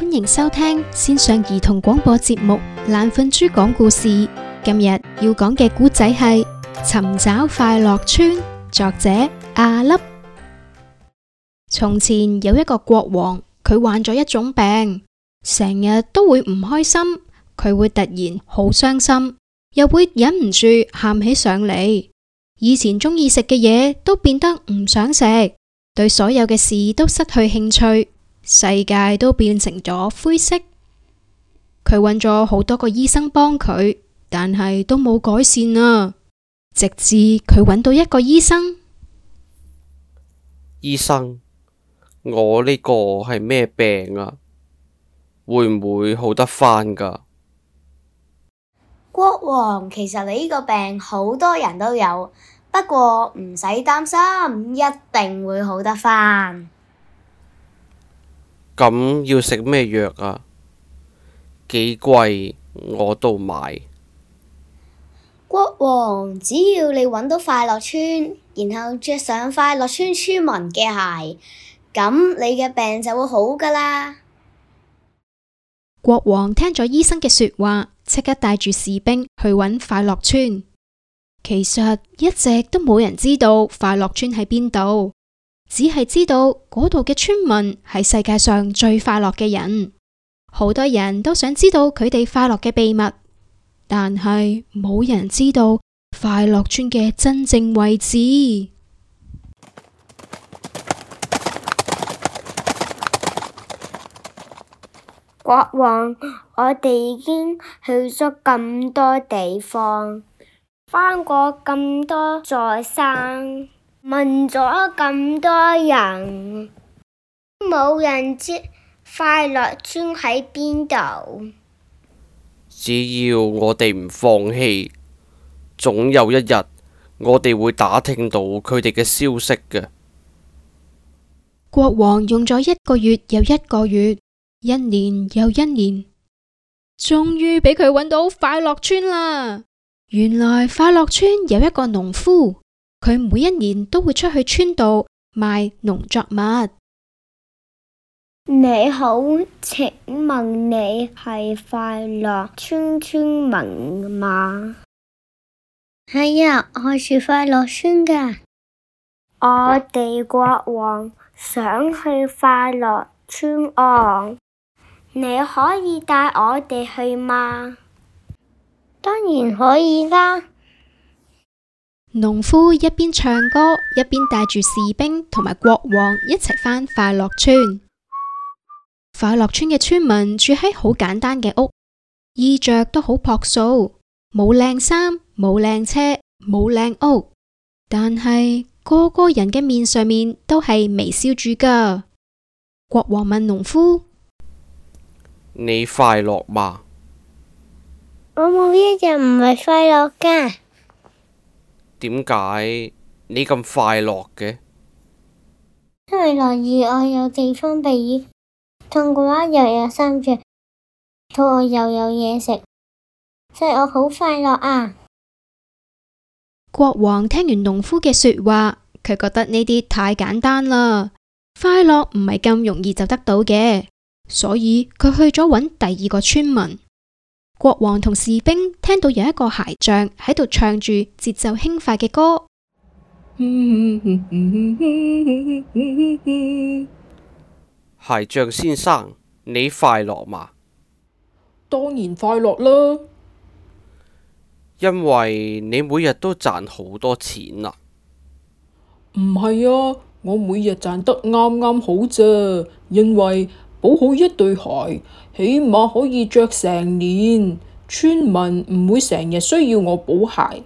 歡迎收聽綫上兒童廣播節目《懶瞓豬講故事》。今日要講嘅古仔係《尋找快樂村》，作者阿粒。從前有一個國王，佢患咗一種病，成日都會唔開心，佢會突然好傷心，又會忍唔住喊起上嚟。以前中意食嘅嘢都變得唔想食，對所有嘅事都失去興趣。世界都變成咗灰色，佢揾咗好多個醫生幫佢，但係都冇改善啊！直至佢揾到一個醫生。醫生，我呢個係咩病啊？會唔會好得翻噶？國王，其實你呢個病好多人都有，不過唔使擔心，一定會好得翻。咁要食咩藥啊？幾貴我都買。國王，只要你揾到快樂村，然後着上快樂村村民嘅鞋，咁你嘅病就會好噶啦。國王聽咗醫生嘅說話，即刻帶住士兵去揾快樂村。其實一直都冇人知道快樂村喺邊度。只係知道嗰度嘅村民係世界上最快樂嘅人，好多人都想知道佢哋快樂嘅秘密，但係冇人知道快樂村嘅真正位置。國王，我哋已經去咗咁多地方，翻過咁多座山。問咗咁多人，冇人知快樂村喺邊度。只要我哋唔放棄，總有一日我哋會打聽到佢哋嘅消息嘅。國王用咗一個月又一個月，一年又一年，終於俾佢揾到快樂村啦。原來快樂村有一個農夫。佢每一年都會出去村度賣農作物。你好，請問你係快樂村村民嗎？係啊，我是快樂村㗎。我哋國王想去快樂村哦，你可以帶我哋去嗎？當然可以啦。農夫一邊唱歌，一邊帶住士兵同埋國王一齊返快樂村。快樂村嘅村民住喺好簡單嘅屋，衣着都好樸素，冇靚衫，冇靚車，冇靚屋，但係個個人嘅面上面都係微笑住㗎。國王問農夫：你快樂嗎？我冇一日唔係快樂㗎。點解你咁快樂嘅？因為落雨我有地方避雨，痛嘅話又有衫着，肚餓又有嘢食，所以我好快樂啊！國王聽完農夫嘅說話，佢覺得呢啲太簡單啦，快樂唔係咁容易就得到嘅，所以佢去咗揾第二個村民。國王同士兵聽到有一個鞋匠喺度唱住節奏輕快嘅歌。鞋匠先生，你快樂嘛？當然快樂啦，因為你每日都賺好多錢啦，啊。唔係啊，我每日賺得啱啱好啫，因為。補好一對鞋，起碼可以着成年。村民唔會成日需要我補鞋，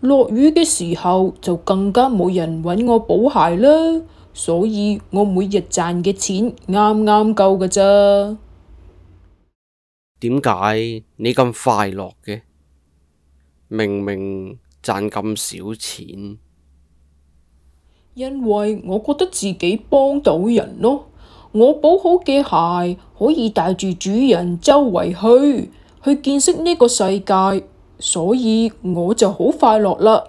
落雨嘅時候就更加冇人搵我補鞋啦。所以我每日賺嘅錢啱啱夠噶咋。點解你咁快樂嘅？明明賺咁少錢。因為我覺得自己幫到人咯。我補好嘅鞋可以帶住主人周圍去，去見識呢個世界，所以我就好快樂啦。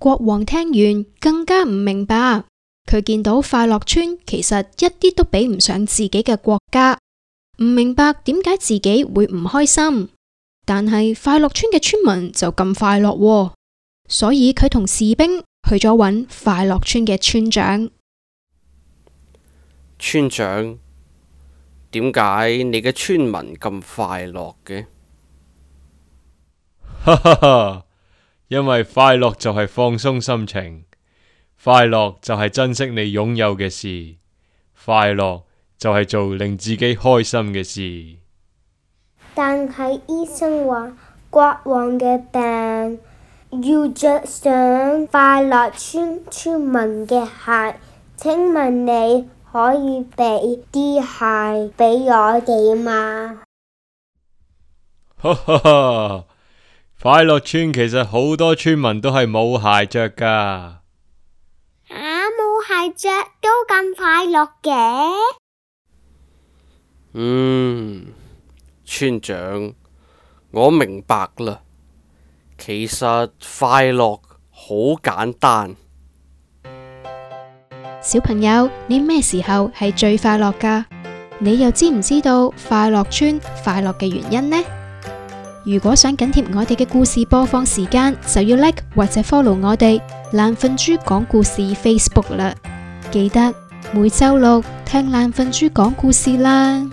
國王聽完更加唔明白，佢見到快樂村其實一啲都比唔上自己嘅國家，唔明白點解自己會唔開心，但係快樂村嘅村民就咁快樂喎，所以佢同士兵去咗搵快樂村嘅村長。村長，點解你嘅村民咁快樂嘅？哈哈哈，因為快樂就係放鬆心情，快樂就係珍惜你擁有嘅事，快樂就係做令自己開心嘅事。但係醫生話，國王嘅病要着上快樂村村民嘅鞋，請問你？可以俾啲鞋俾我哋嗎？哈哈哈！快樂村其實好多村民都係冇鞋着㗎。啊，冇鞋着都咁快樂嘅？嗯，村長，我明白啦。其實快樂好簡單。小朋友，你咩時候係最快樂噶？你又知唔知道快樂村快樂嘅原因呢？如果想緊貼我哋嘅故事播放時間，就要 like 或者 follow 我哋懶瞓豬講故事 Facebook 啦！記得每周六聽懶瞓豬講故事啦！